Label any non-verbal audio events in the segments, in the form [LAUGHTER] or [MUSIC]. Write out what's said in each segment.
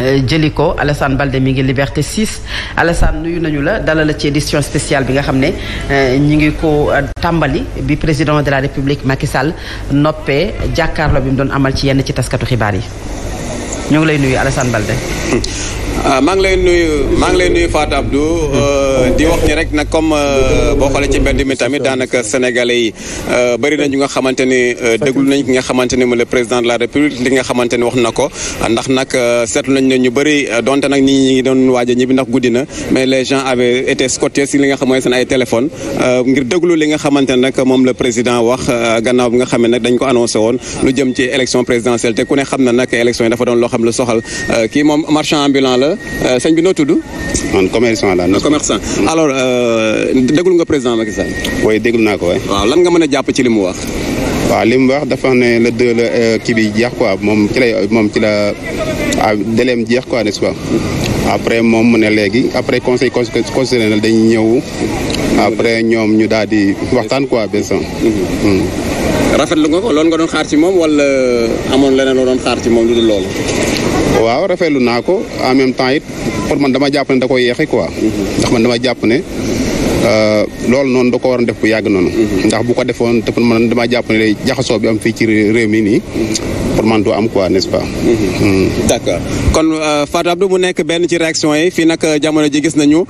Euh, jëli ko Alassane Balde mi ngi Liberté 6 Alassane nuyu nañu la dalal ci édition spéciale bi nga xam ne euh, ñi ngi ko euh, tàmbali bi président de la République Macky noppe noppee jàkkaarloo bi mu doon amal ci yenn ci taskatu xibaar yi ñoo ngi lay nuyu Alassane Balde. [LAUGHS] Ah, maa ngi lay nuyu maa ngi lay di wax ni rek nag comme euh, boo xoolee ci mbedd mi tamit daanaka sénégalais yi euh, bëri na ñu nga xamante ni euh, déglu nañ ki nga xamante ni mu le président de la république li nga xamante ni wax na ko ndax nag seetlu nañ ne ñu bëri donte nag nit ñi ngi doon waaj a ñibbi ndax guddi na mais les gens avaient été scotchés si li nga xam mooy seen ay téléphone ngir déglu li nga xamante ne nag moom la président wax gannaaw bi nga xam ne dañ ko annoncé woon lu jëm ci élection présidentielle te xam na nag élection yi dafa doon loo xam lu soxal kii moom marchand ambulant la sëñ bi noo tudd alors euh, déglu nga président Macky Sall. waaye déglu naa ko waay. lan nga mën a jàpp ci li mu wax. waaw li mu wax dafa ne le deux la euh, kii bi jeex ko moom ci lay moom ci la ah délai jeex ko n'est-ce après moom mu ne léegi après conseil na dañuy ñëw après ñoom ñu daal di waxtaan quoi benn rafet lu nga ko loolu nga doon xaar ci moom wala amoon leneen loo doon xaar ci moom lu dul lool waaw rafetlu naa ko en même temps it pour man dama jàpp ne da koy yeexe quoi. Mhm. ndax man dama jàpp ne. Euh, loolu noonu da ko waroon def bu yàgg noonu. Mhm. ndax bu ko defoon te man damaa jàpp ne jaxasoo bi am fii ci réew mi nii. Mhm. pour man du am ko mhm. hmm. kon euh, Fatou Abdou nekk benn ci réaction yi fii nag euh, jamono ji gis nañu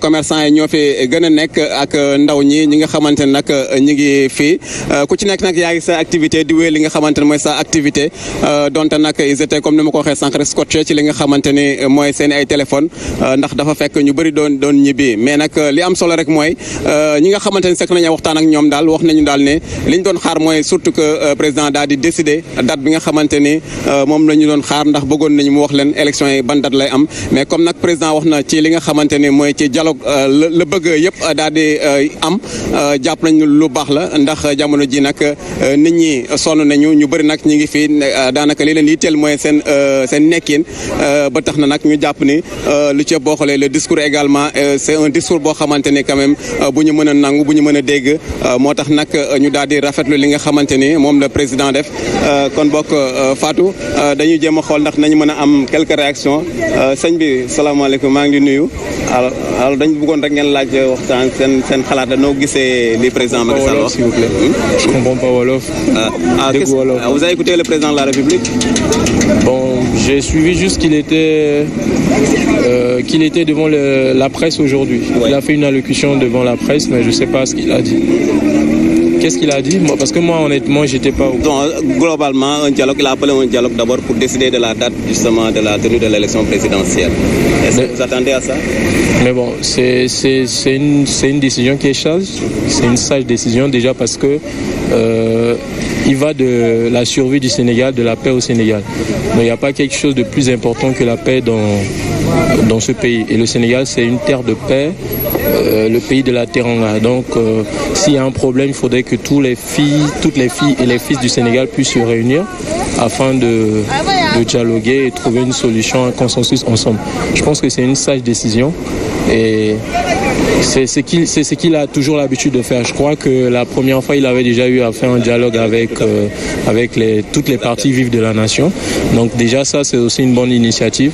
commercant yi ñoo fi gën a nekk ak ndaw ñi ñi nga xamante ne nag ñi ngi fii ku ci nekk nag yaa ngi sa activité di li nga xamante ne mooy sa activité donte nag ils étaient comme ni ma ko waxee sànq rek ci li nga xamante ni mooy seen ay téléphone ndax dafa fekk ñu bëri doon doon ñibbi mais nag li am solo rek mooy euh, ñi nga xamante ne sekk nañu waxtaan ak ñoom daal wax nañu daal ne liñ doon xaar mooy surtout que euh, président daal di décider nga xamante euh, moom la doon xaar ndax bëggoon nañu mu wax leen élection yi ban date am mais nañu lu baax la ndax jamono ji nag nit ñi sonn nañu ñu bëri nag ñi ngi fi daanaka li leen yitteel mooy seen seen nekkin ba tax na nag ñu jàpp ni lu ci boo le discours également c'est un discours boo xamante quand même euh, bu ñu mën a nangu bu ñu mën a dégg euh, moo tax nag euh, ñu daal di rafetlu li nga xamante ni moom la président def kon bokk Fatou dañuy jëm a xool ndax nañu mën am quelques réactions sëñ bi salaamaaleykum maa ngi di nuyu alors dañ bëggoon rek ngeen laaj waxtaan seen seen xalaat danoo gisee li président Macky Sall wax. s'il vous plaît. Hmm? Ah, vous avez écouté le président de la République. j'ai suivi juste qu'il était. euh, qu'il était devant le, la presse aujourd'hui. Ouais. Il a fait une allocution devant la presse, mais je ne sais pas ce qu'il a dit. Qu'est-ce qu'il a dit Parce que moi, honnêtement, j'étais pas au. Donc, euh, globalement, un dialogue, il a appelé un dialogue d'abord pour décider de la date justement de la tenue de l'élection présidentielle. Est-ce que vous attendez à ça Mais bon, c'est une, une décision qui est sage. C'est une sage décision déjà parce que. Euh, il va de la survie du Sénégal, de la paix au Sénégal. Donc il n'y a pas quelque chose de plus important que la paix dans, dans ce pays. Et le Sénégal, c'est une terre de paix, euh, le pays de la teranga. Donc euh, s'il y a un problème, il faudrait que tous les filles, toutes les filles et les fils du Sénégal puissent se réunir afin de, de dialoguer et trouver une solution, un consensus ensemble. Je pense que c'est une sage décision. Et C'est ce qu'il ce qu'il a toujours l'habitude de faire. Je crois que la première fois, il avait déjà eu à faire un dialogue avec euh, avec les, toutes les parties vives de la nation. Donc déjà ça, c'est aussi une bonne initiative.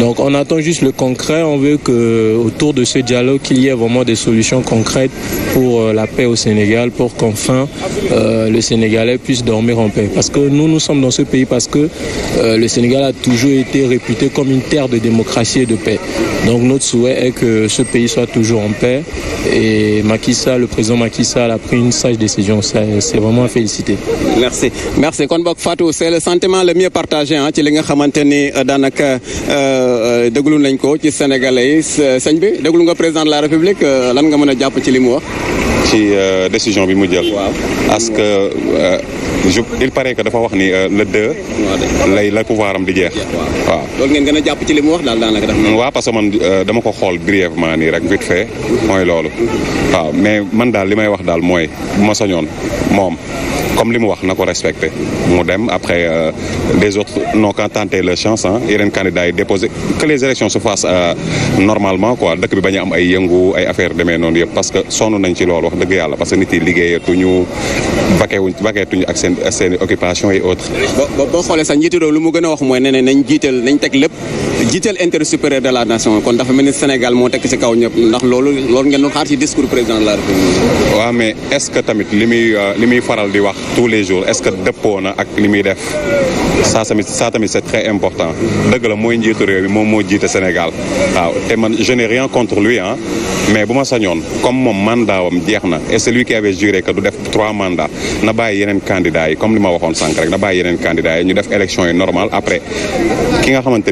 Donc on attend juste le concret, on veut que de ce dialogue qu'il y ait vraiment des solutions concrètes pour euh, la paix au Sénégal, pour qu'enfin euh, le Sénégalais puisse dormir en paix. Parce que nous, nous sommes dans ce pays parce que euh, le Sénégal a toujours été réputé comme une terre de démocratie et de paix. Donc notre souhait que ce pays soit toujours en paix et Macky le président Macky a pris une sage décision. C'est vraiment à féliciter. Merci. Euh, déglu nañ ko ci sénégalais yi sëñ bi déglu nga président de la république euh, lan nga mën a jàpp ci li mu wax. ci euh, décision bi mu jël. parce que je il paraît que dafa wax ni la deux. lay la pouvoir am di jeex. waaw loolu ngeen gën a jàpp ci li mu wax daal daanaka dafa waa parce que man dama ko xool brièvement nii rek vite mooy loolu. Mm-hmm. waaw mais man daal li may wax daal mooy bu ma sañoon moom. comme li mu wax na ko respecté mu dem après euh, les autres n'ont qu'à tenter leur chance ah yeneen candidats yi déposé que les élections se fassent euh, normalement quoi dëkk bi bañ am ay yëngu ay affaire demee noonu yëpp parce que sonn nañ ci loolu wax dëgg yàlla parce que nit yi liggéeyatuñu vakeewuñ vakeetuñu ak seen seen occupation et autres. boo boo xoolee sax njiitu réew lu mu gën a wax mooy nee nañ jiital nañ teg lépp. jiiteel intérêt supérieur de la nation kon dafa mel ni Sénégal moo tekk ci kaw ñëpp ndax loolu loolu ngeen doon xaar ci discours président de la République. waaw mais est-ce que tamit li muy euh, li muy faral di wax tous les jours est-ce que dëppoo na ak li muy def ça tamit ça tamit c'est très important dëgg la mooy njiitu réew yi moom moo jiite Sénégal waaw te man je n'ai contre lui ah mais bu ma sañoon comme moom mandaawam jeex na et celui qui avait juré que du def trois mandats na bàyyi yeneen candidats yi comme li ma waxoon sànq rek na bàyyi yeneen candidats ñu def élection yi normal après. ki nga kon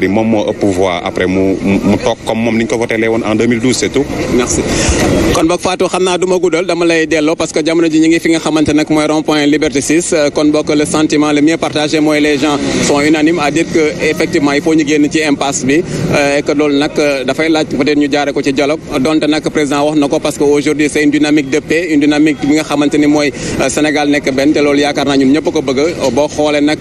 boog Fatou xam naa du ma dama lay delloo parce que jamono ji ngi fi nga xamante mooy rond point Liberté 6 kon boog le sentiment le mieux partagé mooy les gens sont unanimes à dire que effectivement il faut ci impasse bi euh, et que loolu euh, président wax na ko parce que aujourd'hui c'est une dynamique de paix une dynamique bi nga xamante mooy euh, Sénégal nekk benn te loolu yaakaar naa ñun ñëpp ko bëgg boo xoolee nag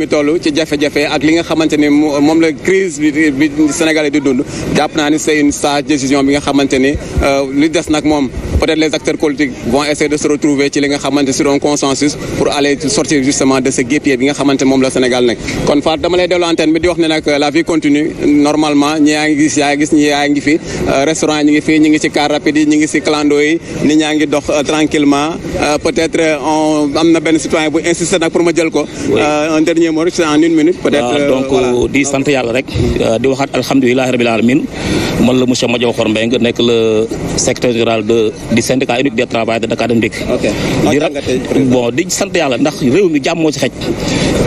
mi toll ci jafe-jafe xamante ni moom la crise bi bi Sénégal di dund jàpp naa ni c'est une décision bi nga xamante ni euh, des nag moom peut-être les acteurs politiques vont essayer de se retrouver ci li nga xamante sur un consensus pour aller sortir justement de ce guépier bi nga xamante moom la Sénégal nekk kon Fatou dama lay dellu antenne bi di wax ne nag la vie continue normalement ñi yaa ngi gis yaa ngi gis ñi yaa ngi fi euh, restaurant ñi ngi fi ñi ngi ci car rapide ñi ngi ci clando yi nit ngi dox euh, tranquillement na benn ma jël donc euh, di sant yàlla rek euh, di waxaat alhamdulilahi rabil alamin man la monsieur Madiaw Xor Mbeng nekk le secrétaire général de du syndicat unique des de Dakar Dem Dikk di rek ndax réew mi jàmm ci xej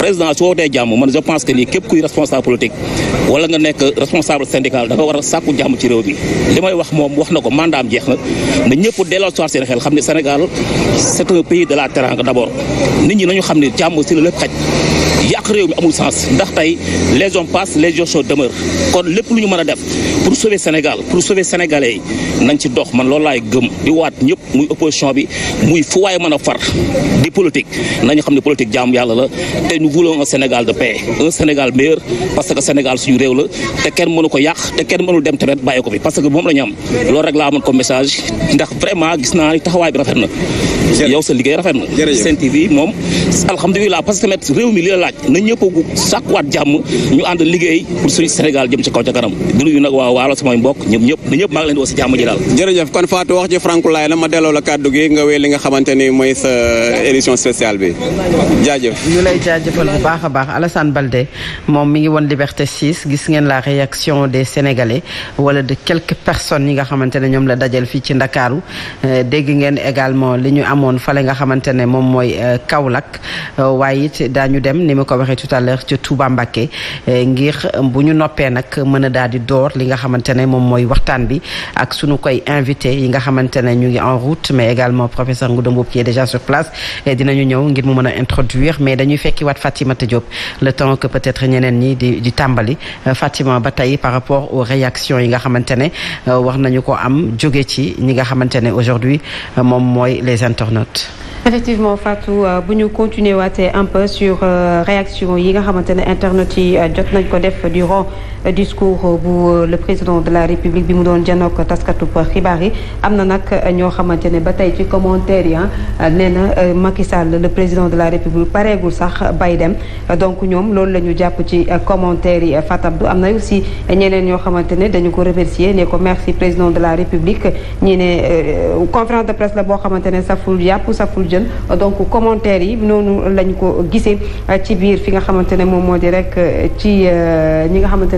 président su wootee jàmm man je pense que nii képp kuy responsable politique wala nga nekk responsable syndical da nga war a sàkku jàmm ci réew mi li may wax moom wax na ko mandaam jeex na na ñëpp delloo soir seen xel xam ne Sénégal c'est la teranga d'abord nit ñi la yàq réew mi amul sens ndax tey les hommes passent les jours demeurent kon lépp lu ñu mën a def pour sauver Sénégal pour sauver sénégalais yi nañ ci dox man loolu laay gëm di waat ñëpp muy opposition bi muy fu waaye mën a far di politique nañu xam ne politique jaamu yàlla la te nous voulons un Sénégal de paix un Sénégal meilleur parce que Sénégal suñu réew la te kenn mënu ko yàq te kenn mënul dem tamit bàyyi ko bi parce que moom la ñu am loolu rek laa amoon comme message ndax vraiment naa ni taxawaay bi rafet na yow na ñëpp sàkkuwaat jàmm ñu ànd liggéey pour suñu Sénégal jëm ci kaw ca kanam di nuyu nag waa waalo samay mbokk ñëpp ñëpp na ñëpp maa ngi si jàmm ji daal jërëjëf kon Fatou mooy sa édition a baax Alassane Balde moom mi ngi woon Liberté 6 gis ngeen la réaction des Sénégalais wala de quelques personnes yi nga xamante ne euh, li amoon fale nga xamante ne moom mooy euh, Kaolack euh, waaye it dañu dem ni ma ko waxee tout à l'heure ca Touba eh, ngir eh, bu ñu noppee nag mën a daal di door li nga xamante ne moom mooy waxtaan bi ak suñu koy invité yi nga xamante ne ñu ngi en route mais également professeur Ngouda Mboup qui est déjà sur place eh, dinañu ñëw ngir mu mën a introduire mais dañuy fekki waat a Diop le temps que peut-être ñeneen ñi di di tàmbali Fatima ba tey par rapport aux réactions yi nga xamante ne wax nañu ko am jóge ci ñi nga xamante ne aujourd'hui moom mooy les internautes effectivement Fatou euh, bu ñu continuer waatee un peu sur euh, réaction yi nga xamante ne internet yi euh, jot nañ ko def durant discours bu le président de la république bi mu doon janook taskatub xibaar yi am na nag ñoo xamante ne ba tey ci commentaire yi ah, nee na Macky Sall le président de la république pareegul sax bay dem donc ñoom loolu la ñu jàpp ci commentaire yi Fatab du am na aussi ñeneen ñoo xamante ne dañu ko remercier ne ko merci président de la république ñi ne conférence de presse la boo xamante ne saful yàpp saful jeunes donc commentaires yi noonu lañ ko gisee ci biir fi nga xamante ne moom moo di rek ci euh, ñi nga xamante